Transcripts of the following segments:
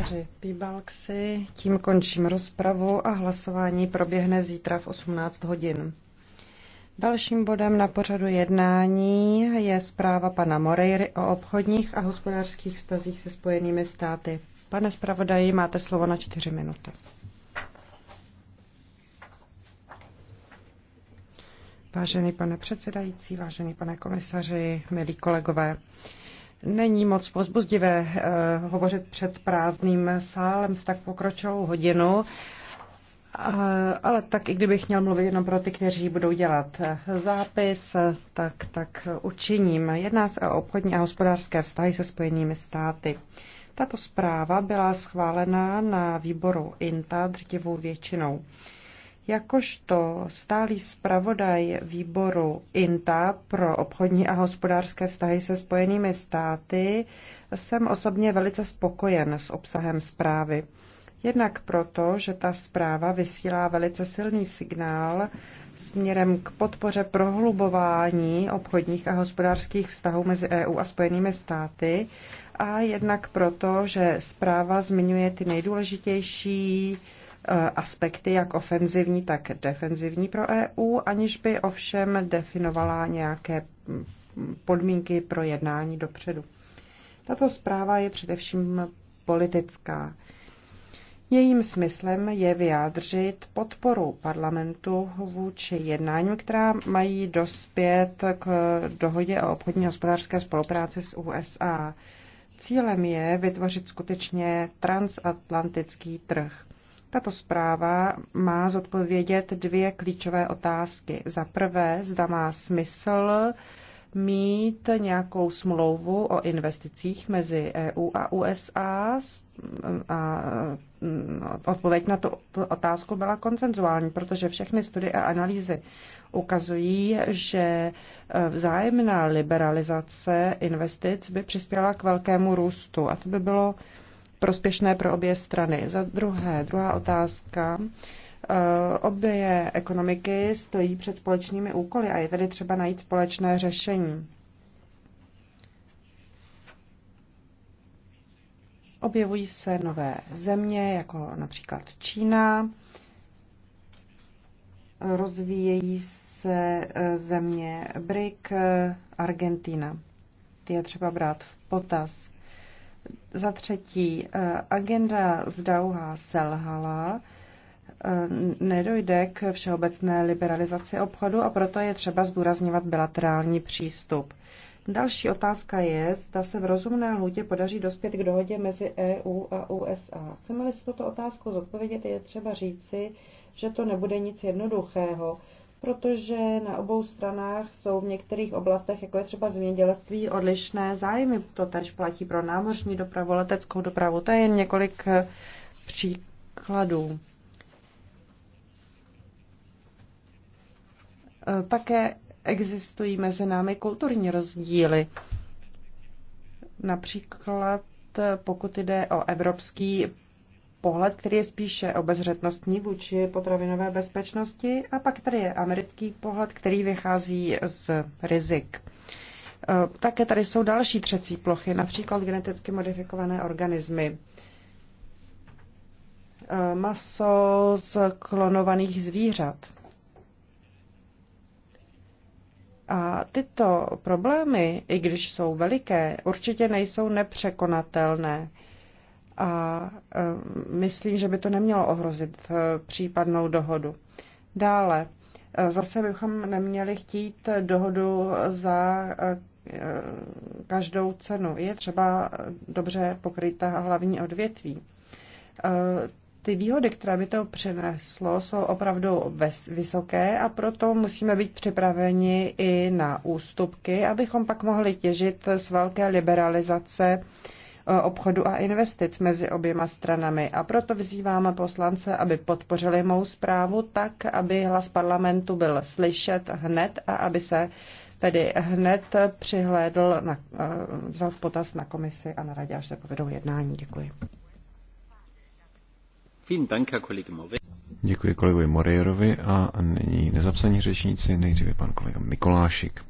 komisaři Píbalksi, tím končím rozpravu a hlasování proběhne zítra v 18 hodin. Dalším bodem na pořadu jednání je zpráva pana Moreiry o obchodních a hospodářských vztazích se Spojenými státy. Pane zpravodaji, máte slovo na čtyři minuty. Vážený pane předsedající, vážený pane komisaři, milí kolegové, Není moc pozbuzdivé uh, eh, hovořit před prázdným sálem v tak pokročilou hodinu, uh, ale tak i kdybych měl mluvit jenom pro ty, kteří budou dělat eh, zápis, tak, tak učiním. Jedná se o obchodní a hospodářské vztahy se Spojenými státy. Tato zpráva byla schválena na výboru INTA drtivou většinou. Uh, Jakožto stálý zpravodaj výboru INTA pro obchodní a hospodářské vztahy se Spojenými státy jsem osobně velice spokojen s obsahem zprávy. Jednak proto, že ta zpráva vysílá velice silný signál směrem k podpoře prohlubování obchodních a hospodářských vztahů mezi EU a Spojenými státy a jednak proto, že zpráva zmiňuje ty nejdůležitější Eh, aspekty, jak ofenzivní, tak defenzivní pro EU, aniž by ovšem definovala nějaké podmínky pro jednání dopředu. Tato zpráva je především politická. Jejím smyslem je vyjádřit podporu parlamentu vůči jednáním, která mají dospět k dohodě o obchodní hospodářské spolupráci s USA. Cílem je vytvořit skutečně transatlantický trh. Tato zpráva má zodpovědět dvě klíčové otázky. Za prvé, zda má smysl mít nějakou smlouvu o investicích mezi EU a USA a mm, odpověď na tu otázku byla koncenzuální, protože všechny studie a analýzy ukazují, že e, vzájemná liberalizace investic by přispěla k velkému růstu a to by bylo prospěšné pro obě strany. Za druhé, druhá otázka. Eh, obě ekonomiky stojí před společnými úkoly a je tedy třeba najít společné řešení. Objevují se nové země, jako například Čína, rozvíjejí se eh, země BRIC, Argentina. Ty je třeba brát v potaz. Za třetí, eh, agenda z Dauha selhala, eh, nedojde k všeobecné liberalizaci obchodu a proto je třeba zdůrazňovat bilaterální přístup. Další otázka je, zda se v rozumné lhůtě podaří dospět k dohodě mezi EU a USA. Chceme-li si tuto otázku zodpovědět, je třeba říci, že to nebude nic jednoduchého protože na obou stranách jsou v některých oblastech, jako je třeba zemědělství, odlišné zájmy. To tež platí pro námořní dopravu, leteckou dopravu. To je jen několik eh, příkladů. Eh, také existují mezi námi kulturní rozdíly. Například eh, pokud jde o evropský pohled, který je spíše obezřetnostní vůči potravinové bezpečnosti a pak tady je americký pohled, který vychází z rizik. E, také tady jsou další třecí plochy, například geneticky modifikované organismy. E, maso z klonovaných zvířat. A tyto problémy, i když jsou veliké, určitě nejsou nepřekonatelné a e, myslím, že by to nemělo ohrozit e, případnou dohodu. Dále, e, zase bychom neměli chtít dohodu za každou cenu. Je třeba dobře pokrytá hlavní odvětví. Ty výhody, které by to přineslo, jsou opravdu vysoké a proto musíme být připraveni i na ústupky, abychom pak mohli těžit z velké liberalizace E, obchodu a investic mezi oběma stranami. A proto vyzýváme poslance, aby podpořili mou zprávu tak, aby hlas parlamentu byl slyšet hned a aby se tedy hned přihlédl, na, e, vzal v potaz na komisi a na radě, až se povedou jednání. Děkuji. Děkuji kolegovi Morejerovi a nyní nezapsaní řečníci, nejdříve pan kolega Mikolášik.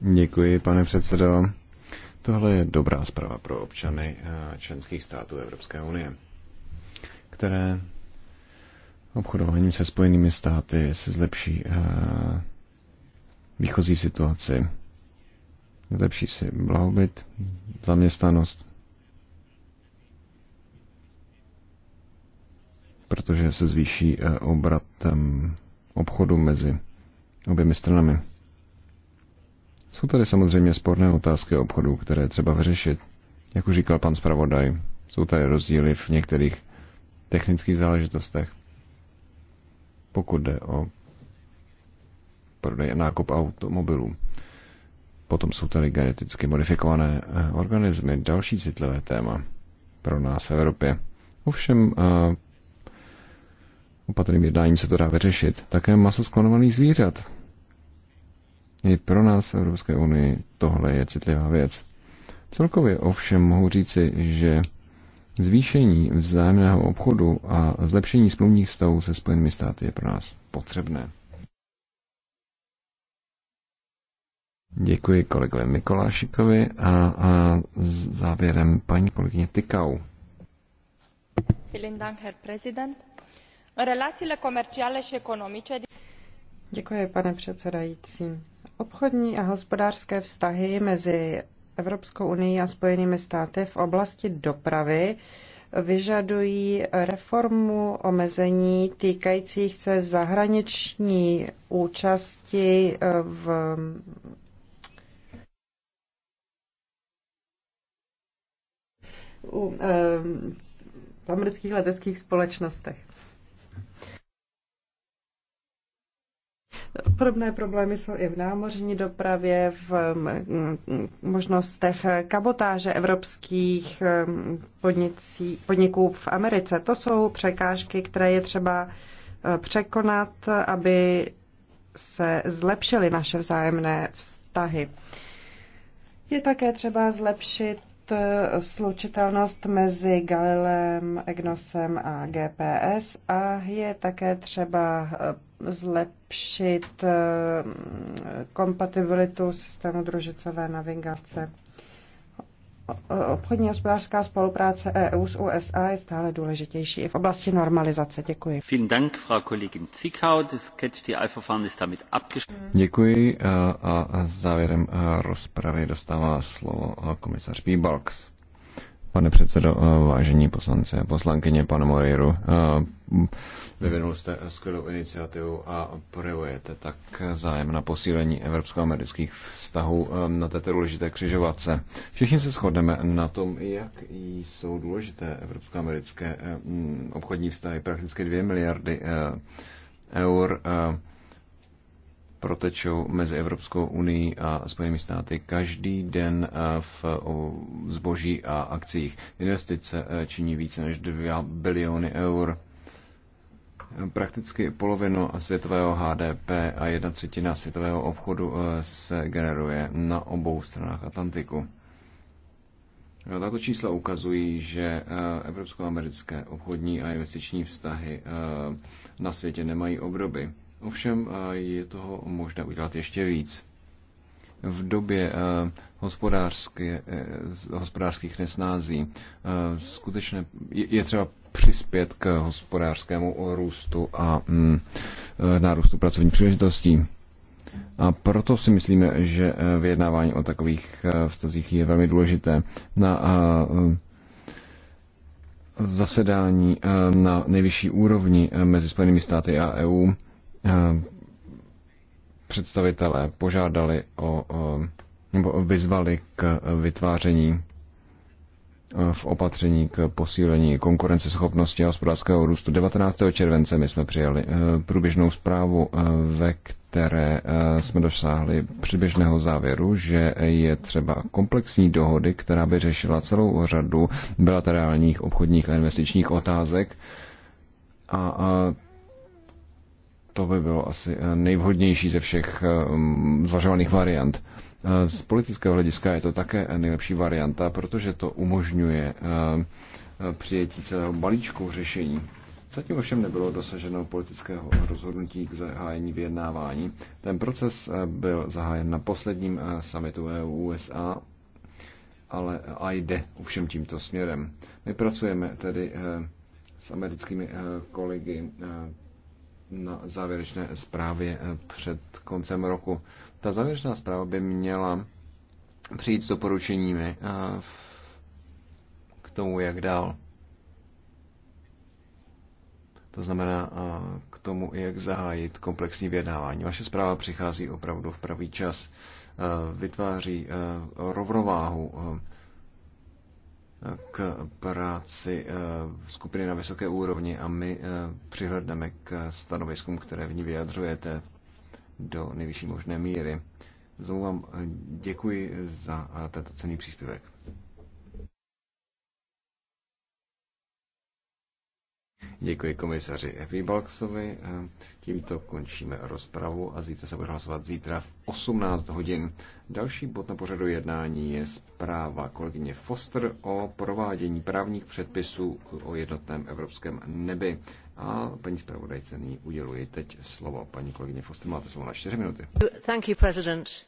Děkuji, pane předsedo. Tohle je dobrá zpráva pro občany eh, členských států Evropské unie, které obchodováním se spojenými státy se zlepší eh, výchozí situaci, zlepší si blahobyt, zaměstnanost, protože se zvýší eh, obrat obchodu mezi oběmi stranami. Jsou tady samozřejmě sporné otázky obchodu, které třeba vyřešit. Jak už říkal pan zpravodaj, jsou tady rozdíly v některých technických záležitostech. Pokud jde o prodej a nákup automobilů. Potom jsou tady geneticky modifikované eh, organismy, další citlivé téma pro nás v Evropě. Ovšem, eh, opatrným jednáním se to dá vyřešit. Také maso sklonovaných zvířat. I pro nás v Evropské unii tohle je citlivá věc. Celkově ovšem mohu říci, že zvýšení vzájemného obchodu a zlepšení smluvních vztahů se Spojenými státy je pro nás potřebné. Děkuji kolegovi Mikolášikovi a, a závěrem paní kolegyně Tykau. Děkuji, pane předsedající. Obchodní a hospodářské vztahy mezi Evropskou unii a Spojenými státy v oblasti dopravy vyžadují reformu omezení týkajících se zahraniční účasti eh, v u, eh, v amerických leteckých společnostech. Podobné problémy jsou i v námořní dopravě, v mm, mm, mm, možnostech kabotáže evropských podnicí, podniků v Americe. To jsou překážky, které je třeba eh, překonat, aby se zlepšily naše vzájemné vztahy. Je také třeba zlepšit Eh, slučitelnost mezi Galilem, Egnosem a GPS a je také třeba eh, zlepšit eh, kompatibilitu systému družicové navigace obchodní a hospodářská spolupráce EU s USA je stále důležitější i v oblasti normalizace. Děkuji. Děkuji eh, a, a závěrem eh, rozpravy dostává slovo eh, komisař Bíbalks. Pane předsedo, eh, vážení poslanci a poslankyně, pane Moriru. Eh, vyvinul jste skvělou iniciativu a projevujete tak zájem na posílení evropsko-amerických vztahů eh, na této důležité křižovatce. Všichni se shodneme na tom, jak jsou důležité evropsko-americké obchodní vztahy, prakticky 2 miliardy eur protečou mezi Evropskou unii a Spojenými státy každý den eh, v zboží a akcích. Investice eh, činí více než 2 biliony eur. Prakticky polovinu světového HDP a jedna třetina světového obchodu eh, se generuje na obou stranách Atlantiku. Tato čísla ukazují, že evropsko-americké obchodní a investiční vztahy na světě nemají obdoby. Ovšem eh, je toho možné udělat ještě víc. V době eh, eh, hospodářských nesnází skutečně je třeba přispět k hospodářskému růstu a mm, nárůstu pracovních příležitostí. A proto si myslíme, že vyjednávání o takových vztazích je velmi důležité. Na zasedání na nejvyšší úrovni mezi Spojenými státy a EU Eh, představitelé požádali o, eh, nebo vyzvali k vytváření eh, v opatření k posílení konkurenceschopnosti a hospodářského růstu. 19. července my jsme přijali průběžnou zprávu, ve které jsme dosáhli předběžného závěru, že je třeba komplexní dohody, která by řešila celou řadu bilaterálních obchodních a investičních otázek a to by bylo asi eh, nejvhodnější ze všech eh, zvažovaných variant. Eh, z politického hlediska je to také nejlepší varianta, protože to umožňuje přijetí celého balíčku řešení. Zatím ovšem nebylo dosaženo politického rozhodnutí k zahájení vyjednávání. Ten proces byl zahájen na posledním summitu EU-USA, ale a jde ovšem tímto směrem. My pracujeme tedy s americkými kolegy na závěrečné zprávě eh, před koncem roku. Ta závěrečná zpráva by měla přijít s doporučeními eh, k tomu, jak dál. To znamená eh, k tomu, jak zahájit komplexní vědávání. Vaše zpráva přichází opravdu v pravý čas, vytváří rovnováhu práci eh, skupiny na vysoké úrovni a my eh, přihledneme k stanoviskům, které v ní vyjadřujete do nejvyšší možné míry. Znovu vám eh, děkuji za tento cený příspěvek. Děkuji komisaři Epibalksovi. Tímto končíme rozpravu a zítra se bude hlasovat zítra v 18 hodin. Další bod na pořadu jednání je zpráva kolegyně Foster o provádění právních předpisů o jednotném evropském nebi. A paní zpravodajce nyní uděluji teď slovo. Paní kolegyně Foster, máte slovo na 4 minuty. Thank you, president.